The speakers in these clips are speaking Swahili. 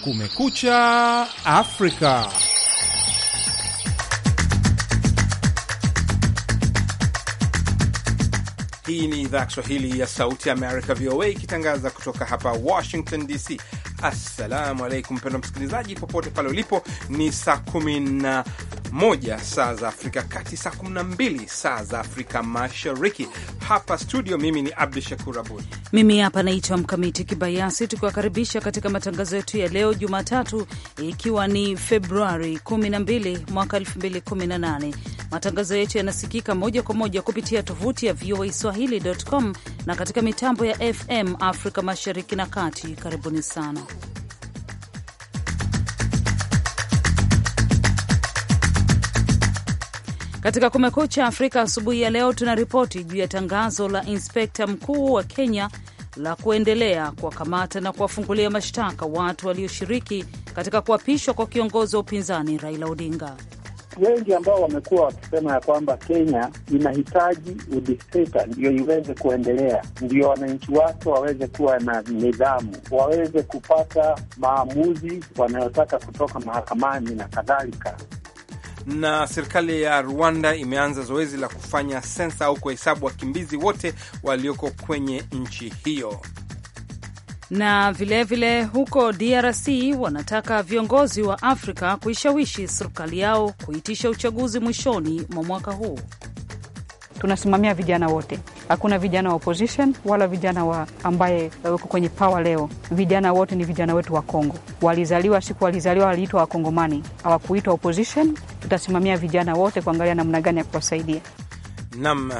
Kumekucha Afrika. Hii ni idhaa ya Kiswahili ya Sauti ya Amerika, VOA, ikitangaza kutoka hapa Washington DC. Assalamu alaikum mpendwa msikilizaji, popote pale ulipo, ni saa kumi na moja saa za Afrika Kati, saa kumi na mbili saa za Afrika Mashariki. Hapa studio, mimi ni Abdu Shakur Abud, mimi hapa naitwa Mkamiti Kibayasi, tukiwakaribisha katika matangazo yetu ya leo Jumatatu, ikiwa ni Februari 12 mwaka 2018. Matangazo yetu yanasikika moja kwa moja kupitia tovuti ya VOA Swahili.com na katika mitambo ya FM Afrika Mashariki na Kati. Karibuni sana. Katika Kumekucha Afrika asubuhi ya leo, tuna ripoti juu ya tangazo la inspekta mkuu wa Kenya la kuendelea kuwakamata na kuwafungulia mashtaka watu walioshiriki katika kuapishwa kwa kiongozi wa upinzani Raila Odinga. Wengi ambao wamekuwa wakisema ya kwamba Kenya inahitaji udikteta ndio iweze kuendelea, ndio wananchi wake waweze kuwa na nidhamu, waweze kupata maamuzi wanayotaka kutoka mahakamani na kadhalika. Na serikali ya Rwanda imeanza zoezi la kufanya sensa au kuhesabu wakimbizi wote walioko kwenye nchi hiyo. Na vilevile vile huko DRC wanataka viongozi wa Afrika kuishawishi serikali yao kuitisha uchaguzi mwishoni mwa mwaka huu tunasimamia vijana wote. Hakuna vijana wa opposition wala vijana wa ambaye wako kwenye power leo. Vijana wote ni vijana wetu wa Kongo, walizaliwa siku walizaliwa, waliitwa Wakongomani, hawakuitwa opposition. Tutasimamia vijana wote kuangalia namna gani ya kuwasaidia. Nam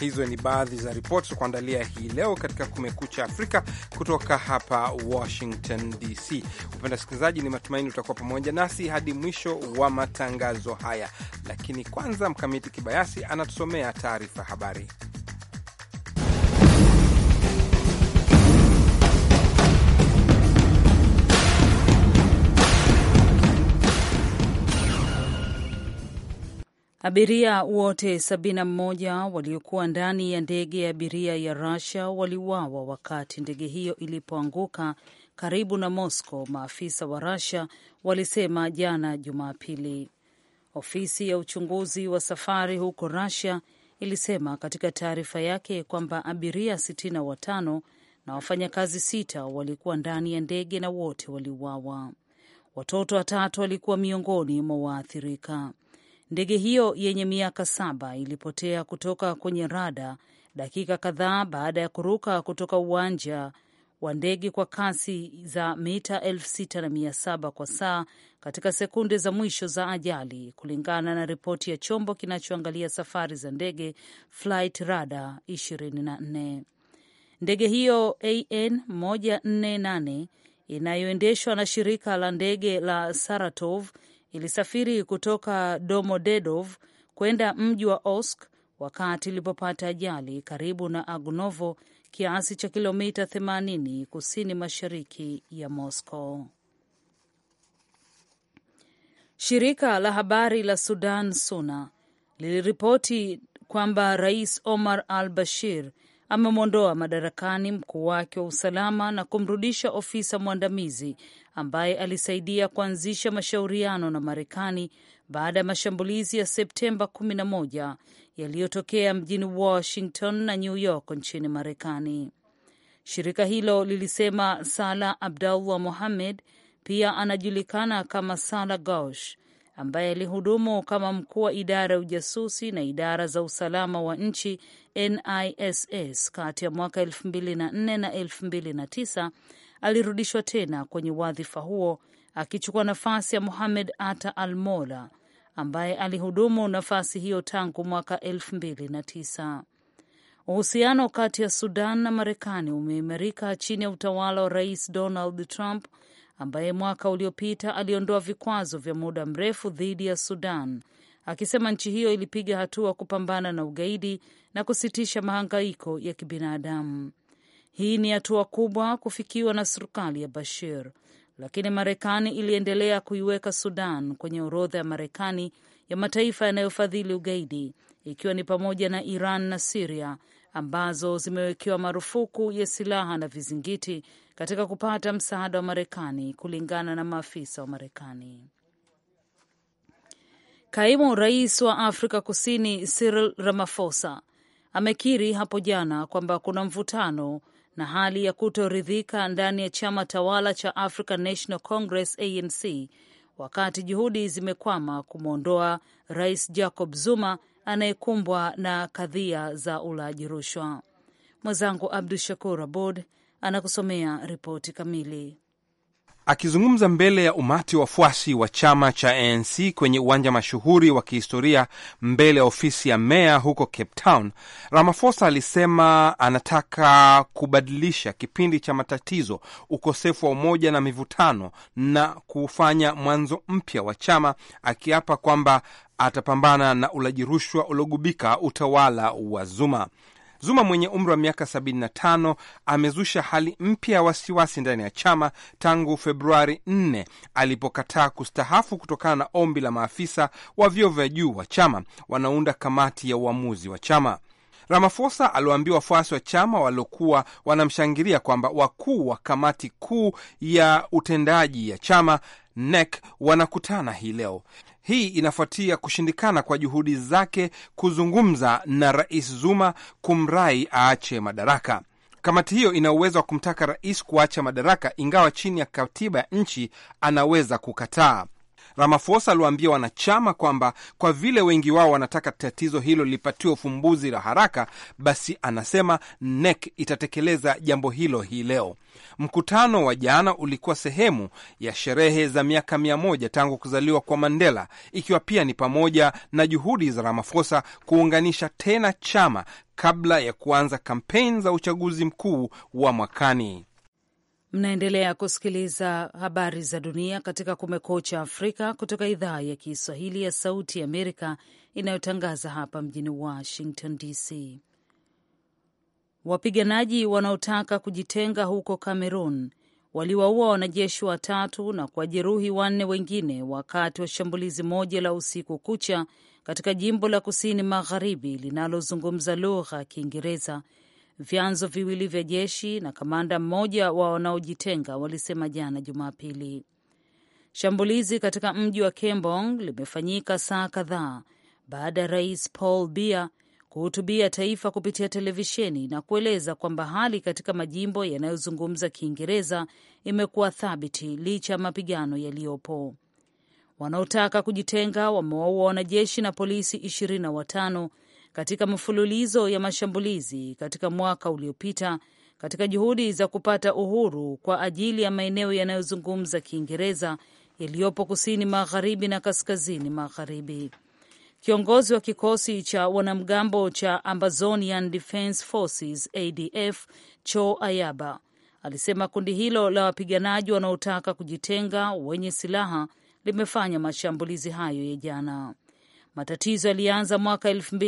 Hizo ni baadhi za ripoti za kuandalia hii leo katika Kumekucha Afrika kutoka hapa Washington DC. Upenda sikilizaji, ni matumaini utakuwa pamoja nasi hadi mwisho wa matangazo haya, lakini kwanza, Mkamiti Kibayasi anatusomea taarifa habari. Abiria wote 71 waliokuwa ndani ya ndege ya abiria ya rasia waliuawa wakati ndege hiyo ilipoanguka karibu na Moscow, maafisa wa rasia walisema jana Jumapili. Ofisi ya uchunguzi wa safari huko rasia ilisema katika taarifa yake kwamba abiria 65 na wafanyakazi sita walikuwa ndani ya ndege na wote waliuawa. Watoto watatu walikuwa miongoni mwa waathirika. Ndege hiyo yenye miaka saba ilipotea kutoka kwenye rada dakika kadhaa baada ya kuruka kutoka uwanja wa ndege kwa kasi za mita 6700 kwa saa katika sekunde za mwisho za ajali, kulingana na ripoti ya chombo kinachoangalia safari za ndege Flight Radar 24. Ndege hiyo AN 148 inayoendeshwa na shirika la ndege la Saratov ilisafiri kutoka Domodedov kwenda mji wa Osk wakati ilipopata ajali karibu na Agnovo, kiasi cha kilomita 80 kusini mashariki ya Moscow. Shirika la habari la Sudan Suna liliripoti kwamba Rais Omar al Bashir amemwondoa madarakani mkuu wake wa usalama na kumrudisha ofisa mwandamizi ambaye alisaidia kuanzisha mashauriano na Marekani baada ya mashambulizi ya Septemba 11 yaliyotokea mjini Washington na New York nchini Marekani. Shirika hilo lilisema Sala Abdallah Mohammed pia anajulikana kama Sala Gauch ambaye alihudumu kama mkuu wa idara ya ujasusi na idara za usalama wa nchi NISS kati ya mwaka 2004 na 2009, alirudishwa tena kwenye wadhifa huo akichukua nafasi ya muhamed ata al mola ambaye alihudumu nafasi hiyo tangu mwaka 2009. Uhusiano kati ya Sudan na Marekani umeimarika chini ya utawala wa Rais Donald Trump ambaye mwaka uliopita aliondoa vikwazo vya muda mrefu dhidi ya Sudan, akisema nchi hiyo ilipiga hatua kupambana na ugaidi na kusitisha mahangaiko ya kibinadamu. Hii ni hatua kubwa kufikiwa na serikali ya Bashir, lakini Marekani iliendelea kuiweka Sudan kwenye orodha ya Marekani ya mataifa yanayofadhili ugaidi, ikiwa ni pamoja na Iran na Siria ambazo zimewekewa marufuku ya silaha na vizingiti katika kupata msaada wa Marekani, kulingana na maafisa wa Marekani. Kaimu rais wa Afrika Kusini Cyril Ramaphosa amekiri hapo jana kwamba kuna mvutano na hali ya kutoridhika ndani ya chama tawala cha African National Congress ANC, wakati juhudi zimekwama kumwondoa rais Jacob Zuma anayekumbwa na kadhia za ulaji rushwa. Mwenzangu Abdu Shakur Abod anakusomea ripoti kamili. Akizungumza mbele ya umati wafuasi wa chama cha ANC kwenye uwanja mashuhuri wa kihistoria mbele ya ofisi ya meya huko Cape Town, Ramaphosa alisema anataka kubadilisha kipindi cha matatizo, ukosefu wa umoja na mivutano na kufanya mwanzo mpya wa chama, akiapa kwamba atapambana na ulaji rushwa uliogubika utawala wa Zuma. Zuma mwenye umri wa miaka 75 amezusha hali mpya ya wasiwasi ndani ya chama tangu Februari 4 alipokataa kustahafu kutokana na ombi la maafisa wa vyeo vya juu wa chama wanaounda kamati ya uamuzi wa chama. ramafosa aliwaambia wafuasi wa chama waliokuwa wanamshangilia kwamba wakuu wa kamati kuu ya utendaji ya chama NEC wanakutana hii leo. Hii inafuatia kushindikana kwa juhudi zake kuzungumza na Rais Zuma kumrai aache madaraka. Kamati hiyo ina uwezo wa kumtaka rais kuacha madaraka, ingawa chini ya katiba ya nchi anaweza kukataa. Ramaphosa aliwaambia wanachama kwamba kwa vile wengi wao wanataka tatizo hilo lilipatiwa ufumbuzi la haraka, basi anasema NEC itatekeleza jambo hilo hii leo. Mkutano wa jana ulikuwa sehemu ya sherehe za miaka mia moja tangu kuzaliwa kwa Mandela, ikiwa pia ni pamoja na juhudi za Ramaphosa kuunganisha tena chama kabla ya kuanza kampeni za uchaguzi mkuu wa mwakani. Mnaendelea kusikiliza habari za dunia katika Kumekucha Afrika kutoka idhaa ya Kiswahili ya Sauti Amerika inayotangaza hapa mjini Washington DC. Wapiganaji wanaotaka kujitenga huko Cameroon waliwaua wanajeshi watatu na kuwajeruhi wanne wengine wakati wa shambulizi moja la usiku kucha katika jimbo la kusini magharibi linalozungumza lugha ya Kiingereza vyanzo viwili vya jeshi na kamanda mmoja wa wanaojitenga walisema jana Jumapili. Shambulizi katika mji wa Kembong limefanyika saa kadhaa baada ya rais Paul bia kuhutubia taifa kupitia televisheni na kueleza kwamba hali katika majimbo yanayozungumza Kiingereza imekuwa thabiti licha ya mapigano yaliyopo. Wanaotaka kujitenga wamewaua wanajeshi na polisi ishirini na watano katika mfululizo ya mashambulizi katika mwaka uliopita katika juhudi za kupata uhuru kwa ajili ya maeneo yanayozungumza Kiingereza yaliyopo kusini magharibi na kaskazini magharibi. Kiongozi wa kikosi cha wanamgambo cha Amazonian Defense Forces ADF Cho Ayaba alisema kundi hilo la wapiganaji wanaotaka kujitenga wenye silaha limefanya mashambulizi hayo ya jana. Matatizo yalianza mwaka elfu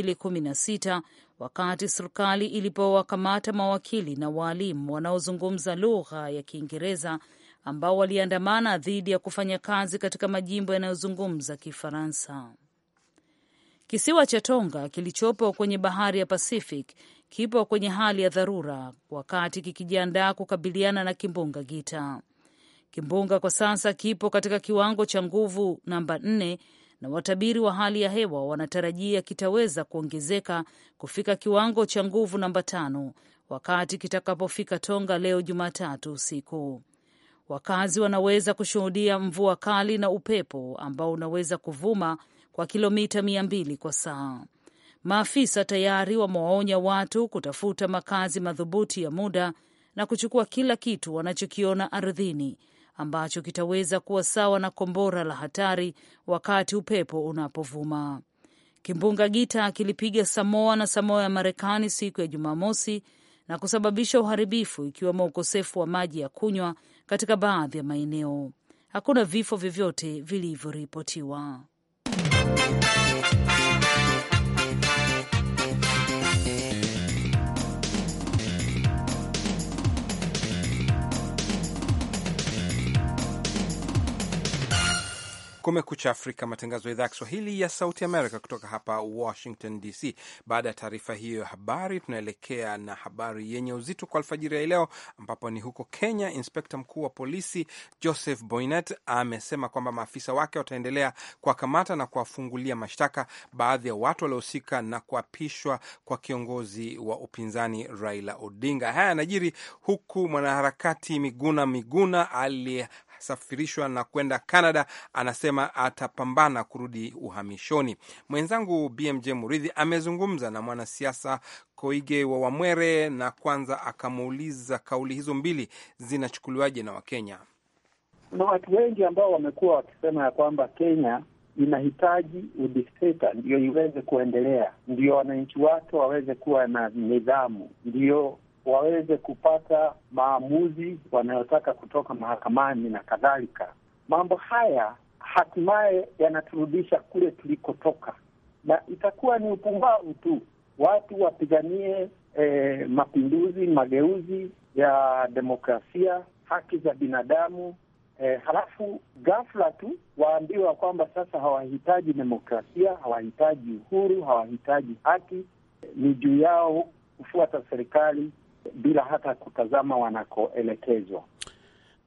sita wakati serikali ilipowakamata mawakili na waalimu wanaozungumza lugha ya Kiingereza ambao waliandamana dhidi ya kufanya kazi katika majimbo yanayozungumza Kifaransa. Kisiwa cha Tonga kilichopo kwenye bahari ya Pacific kipo kwenye hali ya dharura wakati kikijiandaa kukabiliana na kimbunga Gita. Kimbunga kwa sasa kipo katika kiwango cha nguvu namba nne na watabiri wa hali ya hewa wanatarajia kitaweza kuongezeka kufika kiwango cha nguvu namba tano wakati kitakapofika Tonga leo Jumatatu usiku. Wakazi wanaweza kushuhudia mvua kali na upepo ambao unaweza kuvuma kwa kilomita mia mbili kwa saa. Maafisa tayari wamewaonya watu kutafuta makazi madhubuti ya muda na kuchukua kila kitu wanachokiona ardhini ambacho kitaweza kuwa sawa na kombora la hatari wakati upepo unapovuma. Kimbunga Gita kilipiga Samoa na Samoa ya Marekani siku ya Jumamosi na kusababisha uharibifu ikiwemo ukosefu wa maji ya kunywa katika baadhi ya maeneo. Hakuna vifo vyovyote vilivyoripotiwa. Kumekucha Afrika, matangazo ya idhaa ya Kiswahili ya Sauti Amerika kutoka hapa Washington DC. Baada ya taarifa hiyo ya habari, tunaelekea na habari yenye uzito kwa alfajiri ya leo, ambapo ni huko Kenya. Inspekta mkuu wa polisi Joseph Boynet amesema kwamba maafisa wake wataendelea kuwakamata na kuwafungulia mashtaka baadhi ya watu waliohusika na kuapishwa kwa kiongozi wa upinzani Raila Odinga. Haya yanajiri huku mwanaharakati Miguna Miguna aliye safirishwa na kwenda Canada, anasema atapambana kurudi uhamishoni. Mwenzangu BMJ Muridhi amezungumza na mwanasiasa Koige wa Wamwere na kwanza akamuuliza kauli hizo mbili zinachukuliwaje na Wakenya. Kuna watu wengi ambao wamekuwa wakisema ya kwamba Kenya inahitaji udikteta ndio iweze kuendelea, ndio wananchi wake waweze kuwa na nidhamu, ndio waweze kupata maamuzi wanayotaka kutoka mahakamani na kadhalika. Mambo haya hatimaye yanaturudisha kule tulikotoka, na itakuwa ni upumbavu tu watu wapiganie eh, mapinduzi, mageuzi ya demokrasia, haki za binadamu eh, halafu ghafla tu waambiwa kwamba sasa hawahitaji demokrasia, hawahitaji uhuru, hawahitaji haki, ni juu yao kufuata serikali bila hata kutazama wanakoelekezwa.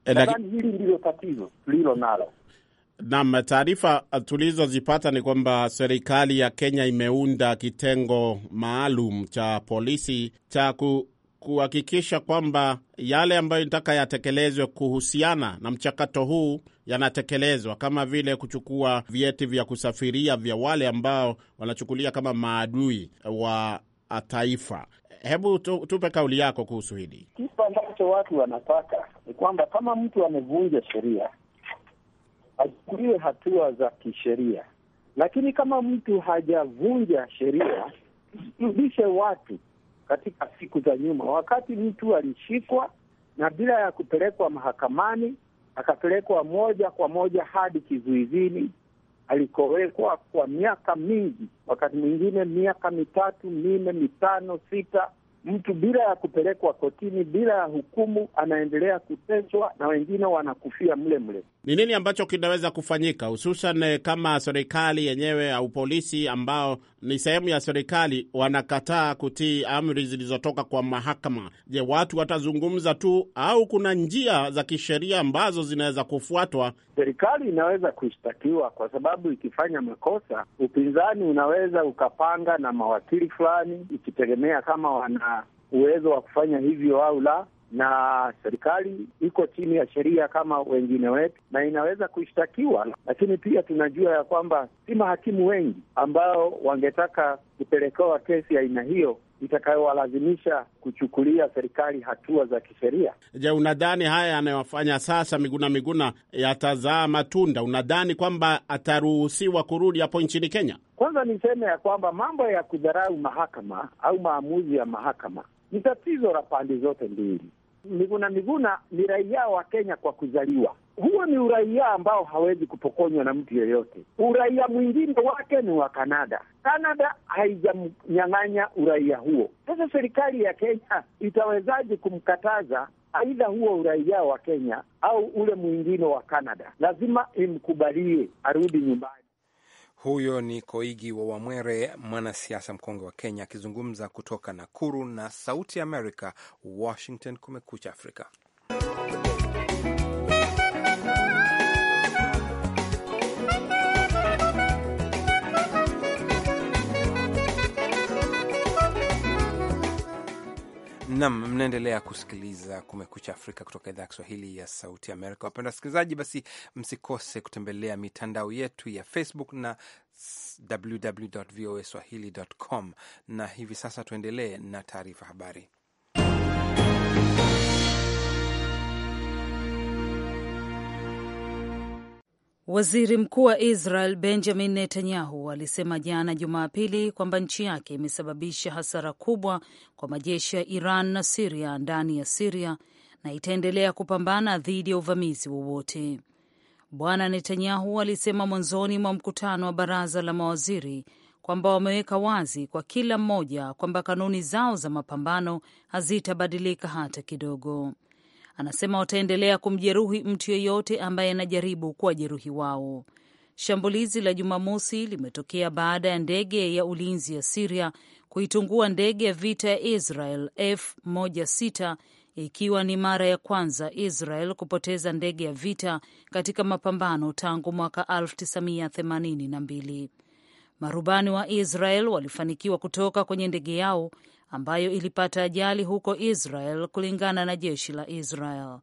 Eh, Nadhani hili ndilo tatizo lilo nalo. Naam, taarifa tulizozipata ni kwamba serikali ya Kenya imeunda kitengo maalum cha polisi cha ku kuhakikisha kwamba yale ambayo nataka yatekelezwe kuhusiana na mchakato huu yanatekelezwa, kama vile kuchukua vyeti vya kusafiria vya wale ambao wanachukulia kama maadui wa taifa. Hebu tu, tupe kauli yako kuhusu hili. Kitu ambacho watu wanataka ni kwamba kama mtu amevunja sheria achukuliwe hatua za kisheria, lakini kama mtu hajavunja sheria turudishe watu katika siku za nyuma, wakati mtu alishikwa na bila ya kupelekwa mahakamani akapelekwa moja kwa moja hadi kizuizini alikowekwa kwa miaka mingi, wakati mwingine miaka mitatu, minne, mitano, sita, mtu bila ya kupelekwa kotini, bila ya hukumu, anaendelea kuteswa na wengine wanakufia mle mle. Ni nini ambacho kinaweza kufanyika, hususan eh, kama serikali yenyewe au polisi ambao ni sehemu ya serikali wanakataa kutii amri zilizotoka kwa mahakama? Je, watu watazungumza tu au kuna njia za kisheria ambazo zinaweza kufuatwa? Serikali inaweza kushtakiwa kwa sababu ikifanya makosa, upinzani unaweza ukapanga na mawakili fulani, ikitegemea kama wana uwezo wa kufanya hivyo au la, na serikali iko chini ya sheria kama wengine wetu na inaweza kushtakiwa, lakini pia tunajua ya kwamba si mahakimu wengi ambao wangetaka kupelekewa kesi ya aina hiyo itakayowalazimisha kuchukulia serikali hatua za kisheria. Je, unadhani haya yanayofanya sasa Miguna Miguna yatazaa matunda? Unadhani kwamba ataruhusiwa kurudi hapo nchini Kenya? Kwanza niseme ya kwamba mambo ya kudharau mahakama au maamuzi ya mahakama ni tatizo la pande zote mbili. Miguna Miguna ni raia wa Kenya kwa kuzaliwa. Huo ni uraia ambao hawezi kupokonywa na mtu yeyote. Uraia mwingine wake ni wa Kanada. Kanada haijamnyang'anya uraia huo. Sasa serikali ya Kenya itawezaje kumkataza aidha huo uraia wa Kenya au ule mwingine wa Kanada? Lazima imkubalie arudi nyumbani. Huyo ni Koigi wa Wamwere, mwanasiasa mkongwe wa Kenya, akizungumza kutoka Nakuru na Sauti Amerika, Washington. Kumekucha Afrika. Nam, mnaendelea kusikiliza Kumekucha Afrika kutoka idhaa ya Kiswahili ya Sauti Amerika. Wapenda wasikilizaji, basi msikose kutembelea mitandao yetu ya Facebook na www voa swahili com, na hivi sasa tuendelee na taarifa habari. Waziri Mkuu wa Israel Benjamin Netanyahu alisema jana Jumapili kwamba nchi yake imesababisha hasara kubwa kwa majeshi ya Iran na Siria ndani ya Siria na itaendelea kupambana dhidi ya uvamizi wowote. Bwana Netanyahu alisema mwanzoni mwa mkutano wa baraza la mawaziri kwamba wameweka wazi kwa kila mmoja kwamba kanuni zao za mapambano hazitabadilika hata kidogo anasema wataendelea kumjeruhi mtu yeyote ambaye anajaribu kuwajeruhi wao. Shambulizi la Jumamosi limetokea baada ya ndege ya ulinzi ya Siria kuitungua ndege ya vita ya Israel F16 ikiwa ni mara ya kwanza Israel kupoteza ndege ya vita katika mapambano tangu mwaka 1982. Marubani wa Israel walifanikiwa kutoka kwenye ndege yao ambayo ilipata ajali huko Israel, kulingana na jeshi la Israel.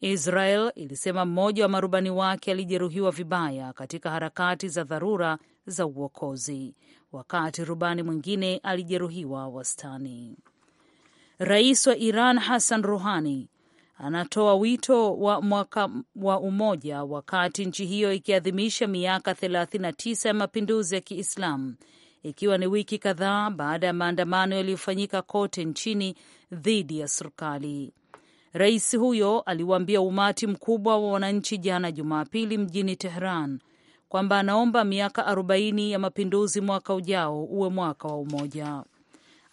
Israel ilisema mmoja wa marubani wake alijeruhiwa vibaya katika harakati za dharura za uokozi, wakati rubani mwingine alijeruhiwa wastani. Rais wa Iran Hassan Rouhani anatoa wito wa mwaka wa umoja wakati nchi hiyo ikiadhimisha miaka 39 ya mapinduzi ya Kiislamu ikiwa ni wiki kadhaa baada ya maandamano yaliyofanyika kote nchini dhidi ya serikali. Rais huyo aliwaambia umati mkubwa wa wananchi jana Jumapili mjini Tehran kwamba anaomba miaka 40 ya mapinduzi mwaka ujao uwe mwaka wa umoja.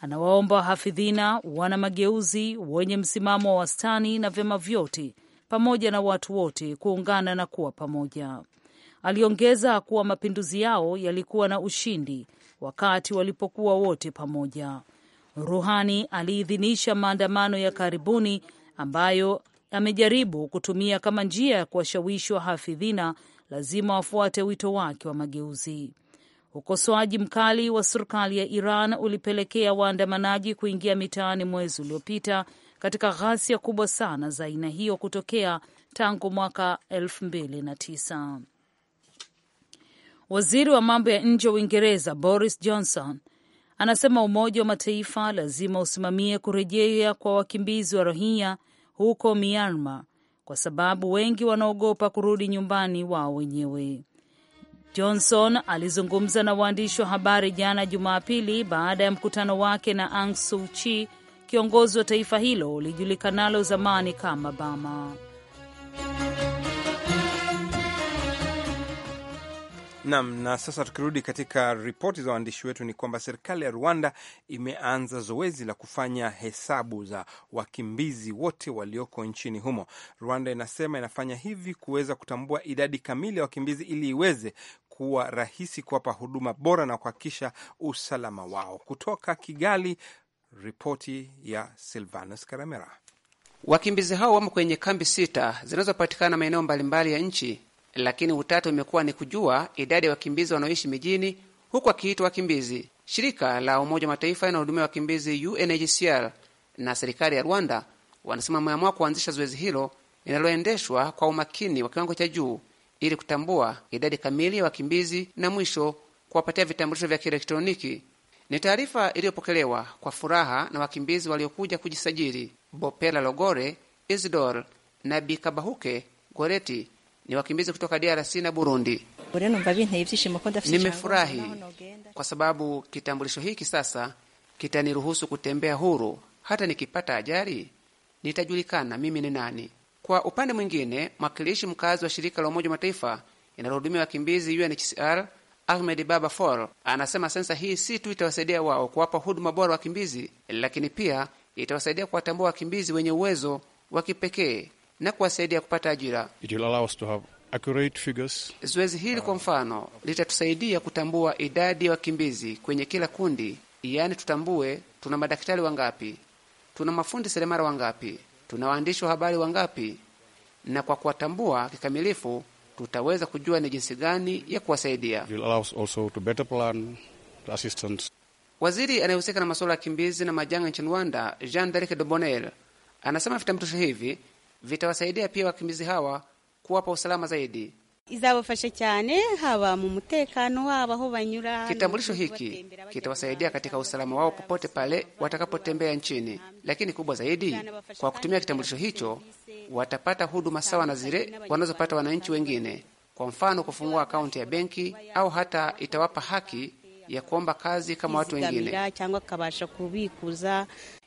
Anawaomba wahafidhina, wana mageuzi, wenye msimamo wa wastani na vyama vyote pamoja na watu wote kuungana na kuwa pamoja. Aliongeza kuwa mapinduzi yao yalikuwa na ushindi wakati walipokuwa wote pamoja. Ruhani aliidhinisha maandamano ya karibuni ambayo amejaribu kutumia kama njia ya kuwashawishi wahafidhina lazima wafuate wito wake wa mageuzi. Ukosoaji mkali wa serikali ya Iran ulipelekea waandamanaji kuingia mitaani mwezi uliopita katika ghasia kubwa sana za aina hiyo kutokea tangu mwaka 2009. Waziri wa mambo ya nje wa Uingereza Boris Johnson anasema Umoja wa Mataifa lazima usimamie kurejea kwa wakimbizi wa Rohingya huko Myanmar kwa sababu wengi wanaogopa kurudi nyumbani wao wenyewe. Johnson alizungumza na waandishi wa habari jana Jumapili baada ya mkutano wake na Aung Suu Kyi, kiongozi wa taifa hilo lijulikanalo zamani kama Bama. Nam na sasa, tukirudi katika ripoti za waandishi wetu, ni kwamba serikali ya Rwanda imeanza zoezi la kufanya hesabu za wakimbizi wote walioko nchini humo. Rwanda inasema inafanya hivi kuweza kutambua idadi kamili ya wakimbizi ili iweze kuwa rahisi kuwapa huduma bora na kuhakikisha usalama wao. Kutoka Kigali, ripoti ya Silvanus Karamera. Wakimbizi hao wamo kwenye kambi sita zinazopatikana maeneo mbalimbali ya nchi lakini utata umekuwa ni kujua idadi ya wakimbizi wanaoishi mijini huku akiitwa wakimbizi. Shirika la Umoja wa Mataifa inahudumia wakimbizi UNHCR na serikali ya Rwanda wanasema maamua kuanzisha zoezi hilo linaloendeshwa kwa umakini wa kiwango cha juu ili kutambua idadi kamili ya wakimbizi na mwisho kuwapatia vitambulisho vya kielektroniki. Ni taarifa iliyopokelewa kwa furaha na wakimbizi waliokuja kujisajili. Bopela Logore Isidor na Bikabahuke Goreti ni wakimbizi kutoka DRC na Burundi. Nimefurahi kwa sababu kitambulisho hiki sasa kitaniruhusu kutembea huru. Hata nikipata ajali nitajulikana mimi ni nani. Kwa upande mwingine, mwakilishi mkazi wa shirika la Umoja wa Mataifa inalohudumia wakimbizi UNHCR Ahmed Baba Fall anasema sensa hii si tu itawasaidia wao kuwapa huduma bora wakimbizi, lakini pia itawasaidia kuwatambua wakimbizi wenye uwezo wa kipekee na kuwasaidia kupata ajira. Zoezi hili kwa mfano litatusaidia kutambua idadi ya wa wakimbizi kwenye kila kundi, yaani tutambue tuna madaktari wangapi, tuna mafundi seremara wangapi, tuna waandishi wa habari wangapi, na kwa kuwatambua kikamilifu tutaweza kujua ni jinsi gani ya kuwasaidia. Waziri anayehusika na masuala ya wakimbizi na majanga nchini Rwanda, Jean de bonel anasema vitambulisho hivi vitawasaidia pia wakimbizi hawa kuwapa usalama zaidi. Kitambulisho hiki kitawasaidia katika usalama wao popote pale watakapotembea nchini, lakini kubwa zaidi, kwa kutumia kitambulisho hicho watapata huduma sawa na zile wanazopata wananchi wengine, kwa mfano kufungua akaunti ya benki au hata itawapa haki ya kuomba kazi kama watu wengine.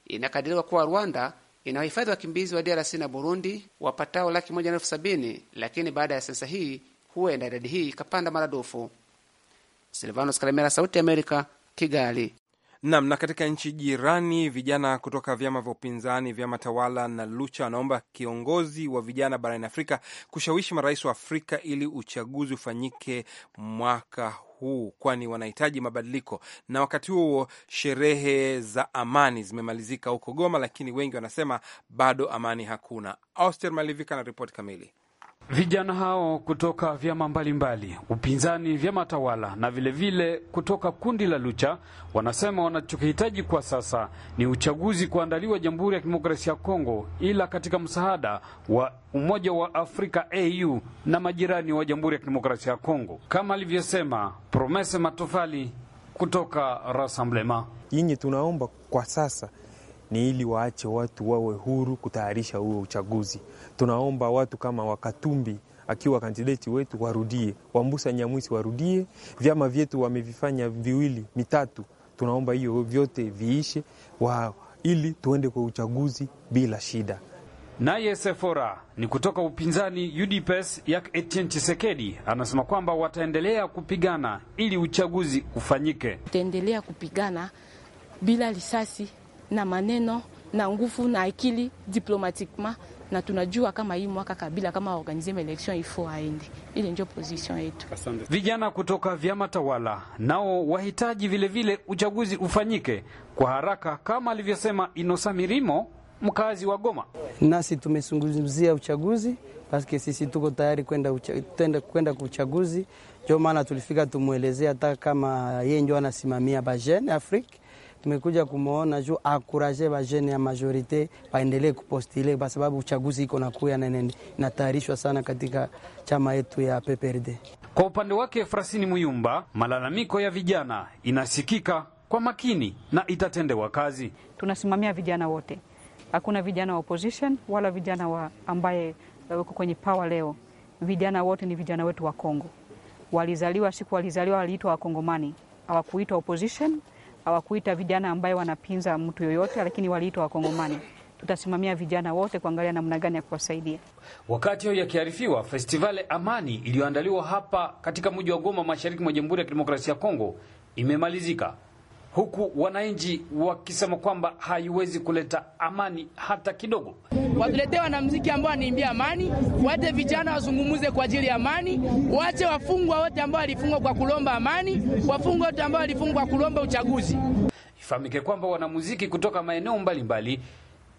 Inakadiriwa kuwa Rwanda inawahifadhi wakimbizi wa DRC na Burundi wapatao laki moja na elfu sabini lakini baada ya sensa hii huenda idadi hii ikapanda maradufu. Silvanos Kalemera, Sauti ya Amerika, Kigali. Nam. Na katika nchi jirani, vijana kutoka vyama vya upinzani, vyama tawala na Lucha wanaomba kiongozi wa vijana barani Afrika kushawishi marais wa Afrika ili uchaguzi ufanyike mwaka huu huu, kwani wanahitaji mabadiliko. Na wakati huo sherehe za amani zimemalizika huko Goma, lakini wengi wanasema bado amani hakuna. Auster Malivika na ripoti kamili. Vijana hao kutoka vyama mbalimbali, upinzani, vyama tawala na vilevile vile kutoka kundi la Lucha wanasema wanachokihitaji kwa sasa ni uchaguzi kuandaliwa Jamhuri ya Kidemokrasia ya Kongo, ila katika msaada wa Umoja wa Afrika AU na majirani wa Jamhuri ya Kidemokrasia ya Kongo, kama alivyosema Promese Matofali kutoka Rassemblement. Yinyi tunaomba kwa sasa ni ili waache watu wawe huru kutayarisha huo uchaguzi. Tunaomba watu kama Wakatumbi akiwa kandideti wetu warudie, Wambusa Nyamwisi warudie. Vyama vyetu wamevifanya viwili mitatu, tunaomba hiyo vyote viishe wa, ili tuende kwa uchaguzi bila shida. Naye Sefora ni kutoka upinzani UDPS ya Etienne Chisekedi anasema kwamba wataendelea kupigana ili uchaguzi ufanyike. Tutaendelea kupigana bila risasi na maneno na nguvu na akili diplomatikma na tunajua kama hii mwaka Kabila kama waorganize maelection ifo aende. Ile ndio position yetu. Vijana kutoka vyama tawala nao wahitaji vilevile vile uchaguzi ufanyike kwa haraka kama alivyosema Inosa Mirimo, mkazi wa Goma. Nasi tumezungumzia uchaguzi paske sisi tuko tayari kwenda kwenda kwenda kuchaguzi. Ndio maana tulifika tumwelezea, hata kama yeye ndio anasimamia Bajene Afrique tumekuja kumwona juu akuraje bajene ya majorite waendelee kupostile, kwa sababu uchaguzi iko na kuya na inatayarishwa sana katika chama yetu ya PPRD. Kwa upande wake Frasini Muyumba, malalamiko ya vijana inasikika kwa makini na itatendewa kazi. Tunasimamia vijana wote, hakuna vijana wa opposition wala vijana wa ambaye wako kwenye power leo. Vijana wote ni vijana wetu wa Kongo, walizaliwa siku walizaliwa, waliitwa Wakongomani, hawakuitwa opposition hawakuita vijana ambaye wanapinza mtu yoyote, lakini waliitwa Wakongomani. Tutasimamia vijana wote kuangalia namna gani ya kuwasaidia. Wakati huo yakiarifiwa, festivale Amani iliyoandaliwa hapa katika mji wa Goma, mashariki mwa Jamhuri ya Kidemokrasia ya Kongo, imemalizika huku wananchi wakisema kwamba haiwezi kuleta amani hata kidogo. Watuletee wanamziki ambao wanaimbia amani, wate vijana wazungumuze kwa ajili ya amani, wache wafungwa wote ambao walifungwa kwa kulomba amani, wafungwa wote ambao walifungwa kwa kulomba uchaguzi. Ifahamike kwamba wanamuziki kutoka maeneo mbalimbali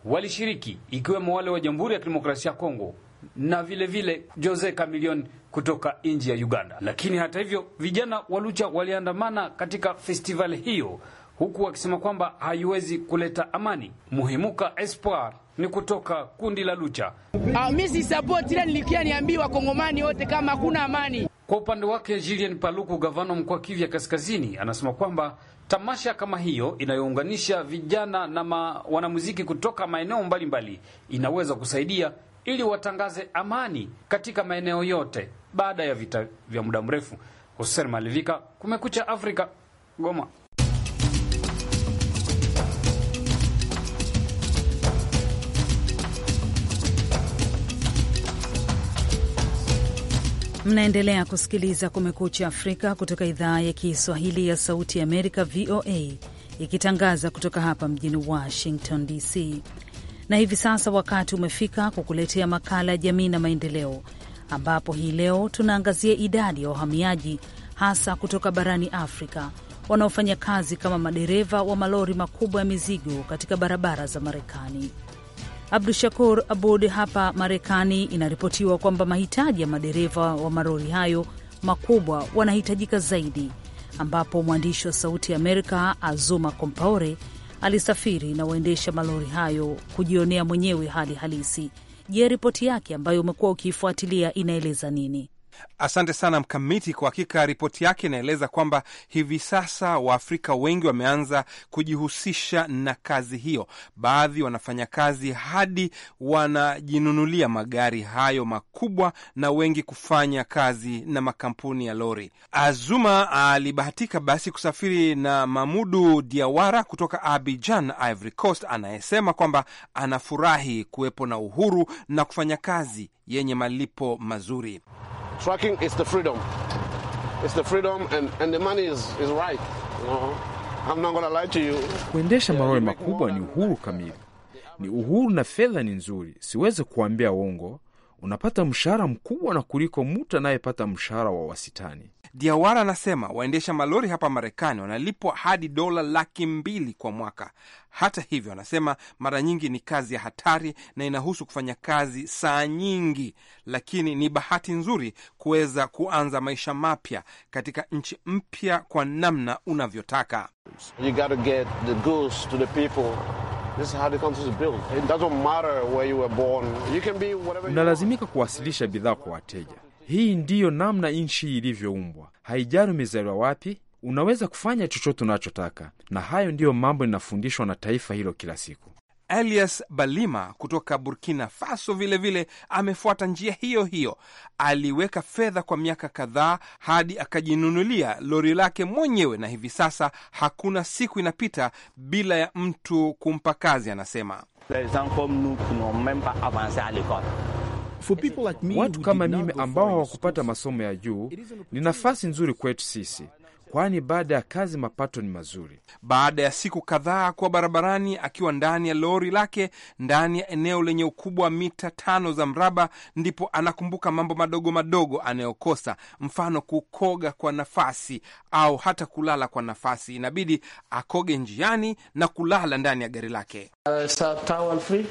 walishiriki, ikiwemo wale wa Jamhuri ya Kidemokrasia ya Kongo na vilevile vile Jose Chameleone kutoka nchi ya Uganda. Lakini hata hivyo vijana wa Lucha waliandamana katika festivali hiyo huku wakisema kwamba haiwezi kuleta amani. Muhimuka Espoir ni kutoka kundi la Lucha. Ah, mimi si support ile nilikia niambiwa Kongomani wote kama hakuna amani. Kwa upande wake Julian Paluku, gavana mkoa Kivu Kaskazini, anasema kwamba tamasha kama hiyo inayounganisha vijana na ma, wanamuziki kutoka maeneo mbalimbali inaweza kusaidia ili watangaze amani katika maeneo yote baada ya vita vya muda mrefu. Hussein Malivika, Kumekucha Afrika, Goma. Mnaendelea kusikiliza Kumekucha Afrika kutoka idhaa ya Kiswahili ya Sauti ya Amerika, VOA, ikitangaza kutoka hapa mjini Washington DC na hivi sasa wakati umefika kukuletea makala ya jamii na maendeleo, ambapo hii leo tunaangazia idadi ya wahamiaji hasa kutoka barani Afrika wanaofanya kazi kama madereva wa malori makubwa ya mizigo katika barabara za Marekani. Abdu Shakur Abud, hapa Marekani inaripotiwa kwamba mahitaji ya madereva wa malori hayo makubwa wanahitajika zaidi, ambapo mwandishi wa Sauti ya Amerika Azuma Kompaore alisafiri na waendesha malori hayo kujionea mwenyewe hali halisi. Je, ripoti yake ambayo umekuwa ukiifuatilia inaeleza nini? Asante sana Mkamiti. Kwa hakika ripoti yake inaeleza kwamba hivi sasa Waafrika wengi wameanza kujihusisha na kazi hiyo. Baadhi wanafanya kazi hadi wanajinunulia magari hayo makubwa, na wengi kufanya kazi na makampuni ya lori. Azuma alibahatika basi kusafiri na Mamudu Diawara kutoka Abidjan, Ivory Coast, anayesema kwamba anafurahi kuwepo na uhuru na kufanya kazi yenye malipo mazuri. Trucking is the freedom. It's the freedom and, and the money is, is right. You uh-huh. know? I'm not gonna lie to you. Kuendesha malori makubwa ni uhuru kamili, ni uhuru na fedha ni nzuri, siwezi kuambia uongo. Unapata mshahara mkubwa na kuliko mtu anayepata mshahara wa wasitani. Diawara anasema waendesha malori hapa Marekani wanalipwa hadi dola laki mbili kwa mwaka. Hata hivyo, anasema mara nyingi ni kazi ya hatari na inahusu kufanya kazi saa nyingi, lakini ni bahati nzuri kuweza kuanza maisha mapya katika nchi mpya kwa namna unavyotaka. Mnalazimika kuwasilisha bidhaa kwa wateja hii ndiyo namna nchi ilivyoumbwa, haijali umezaliwa wapi, unaweza kufanya chochote unachotaka, na hayo ndiyo mambo inafundishwa na taifa hilo kila siku. Elias Balima kutoka Burkina Faso vilevile vile, amefuata njia hiyo hiyo. Aliweka fedha kwa miaka kadhaa hadi akajinunulia lori lake mwenyewe, na hivi sasa hakuna siku inapita bila ya mtu kumpa kazi. Anasema watu kama mimi ambao hawakupata masomo ya juu, ni nafasi nzuri kwetu sisi, kwani baada ya kazi mapato ni mazuri. Baada ya siku kadhaa kuwa barabarani akiwa ndani ya lori lake ndani ya eneo lenye ukubwa wa mita tano za mraba, ndipo anakumbuka mambo madogo madogo anayokosa, mfano kukoga kwa nafasi au hata kulala kwa nafasi. Inabidi akoge njiani na kulala ndani ya gari lake. Uh,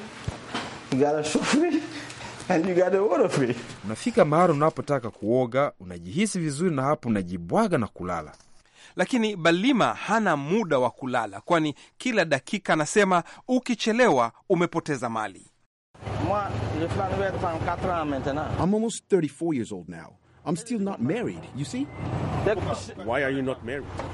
Unafika mahali unapotaka kuoga, unajihisi vizuri na hapo unajibwaga na kulala. Lakini Balima hana muda wa kulala, kwani kila dakika anasema ukichelewa umepoteza mali.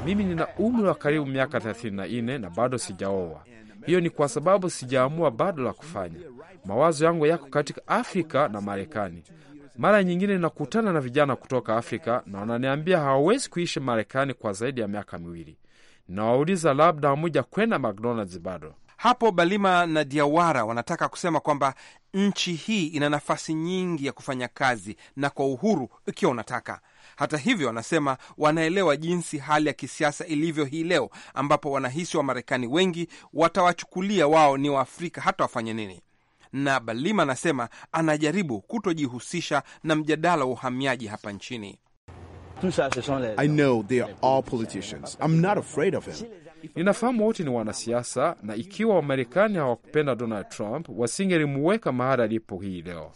Mimi nina umri wa karibu miaka 34 na bado sijaoa. Hiyo ni kwa sababu sijaamua bado la kufanya. Mawazo yangu yako katika Afrika na Marekani. Mara nyingine nakutana na vijana kutoka Afrika na wananiambia hawawezi kuishi Marekani kwa zaidi ya miaka miwili. Nawauliza, labda hamuja kwenda McDonald's bado? Hapo Balima na Diawara wanataka kusema kwamba nchi hii ina nafasi nyingi ya kufanya kazi na kwa uhuru ikiwa unataka. Hata hivyo, wanasema wanaelewa jinsi hali ya kisiasa ilivyo hii leo, ambapo wanahisi Wamarekani wengi watawachukulia wao ni Waafrika hata wafanye nini na Balima anasema anajaribu kutojihusisha na mjadala wa uhamiaji hapa nchini. I know they are all politicians. I'm not afraid of him. Ninafahamu wote ni wanasiasa, na ikiwa Wamarekani hawakupenda Donald Trump wasingelimuweka mahali alipo hii leo.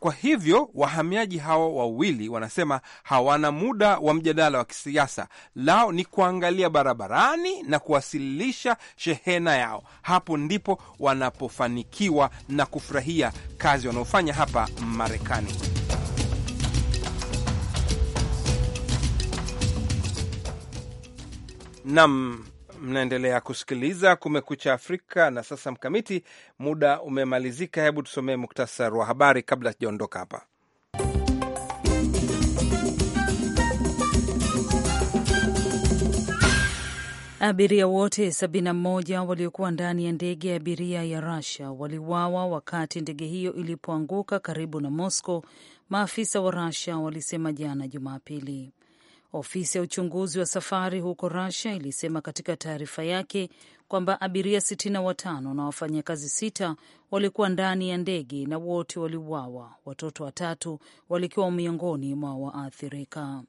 Kwa hivyo wahamiaji hao wawili wanasema hawana muda wa mjadala wa kisiasa, lao ni kuangalia barabarani na kuwasilisha shehena yao. Hapo ndipo wanapofanikiwa na kufurahia kazi wanaofanya hapa Marekani. Nam Mnaendelea kusikiliza Kumekucha Afrika na sasa, Mkamiti, muda umemalizika. Hebu tusomee muktasari wa habari kabla sijaondoka hapa. Abiria wote 71 waliokuwa ndani ya ndege ya abiria ya rasia waliuawa wakati ndege hiyo ilipoanguka karibu na Moscow, maafisa wa Russia walisema jana Jumapili. Ofisi ya uchunguzi wa safari huko Russia ilisema katika taarifa yake kwamba abiria 65 na wafanyakazi sita walikuwa ndani ya ndege na wote waliuawa. Watoto watatu walikuwa miongoni mwa waathirika.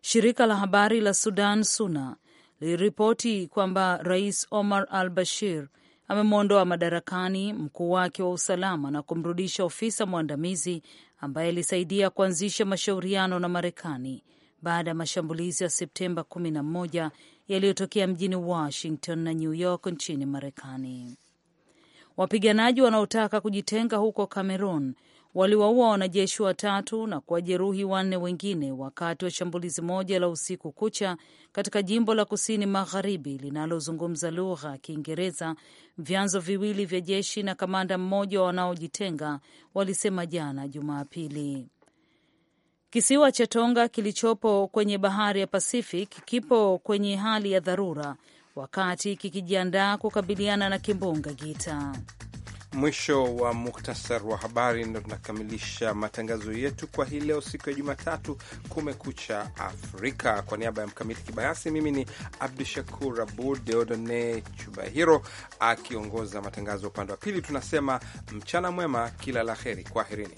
Shirika la habari la Sudan SUNA liliripoti kwamba Rais Omar al Bashir amemwondoa madarakani mkuu wake wa usalama na kumrudisha ofisa mwandamizi ambaye alisaidia kuanzisha mashauriano na Marekani baada ya mashambulizi ya Septemba 11 yaliyotokea mjini Washington na New York nchini Marekani. Wapiganaji wanaotaka kujitenga huko Cameroon waliwaua wanajeshi watatu na kuwajeruhi wanne wengine wakati wa shambulizi moja la usiku kucha katika jimbo la kusini magharibi linalozungumza lugha ya Kiingereza, vyanzo viwili vya jeshi na kamanda mmoja wanaojitenga walisema jana Jumapili. Kisiwa cha Tonga kilichopo kwenye bahari ya Pacific kipo kwenye hali ya dharura wakati kikijiandaa kukabiliana na kimbunga Gita. Mwisho wa muktasar wa habari, ndo tunakamilisha matangazo yetu kwa hii leo, siku ya Jumatatu, Kumekucha Afrika. Kwa niaba ya Mkamiti Kibayasi, mimi ni Abdu Shakur Abud. Deodone Chubahiro akiongoza matangazo upande wa pili. Tunasema mchana mwema, kila la heri, kwaherini.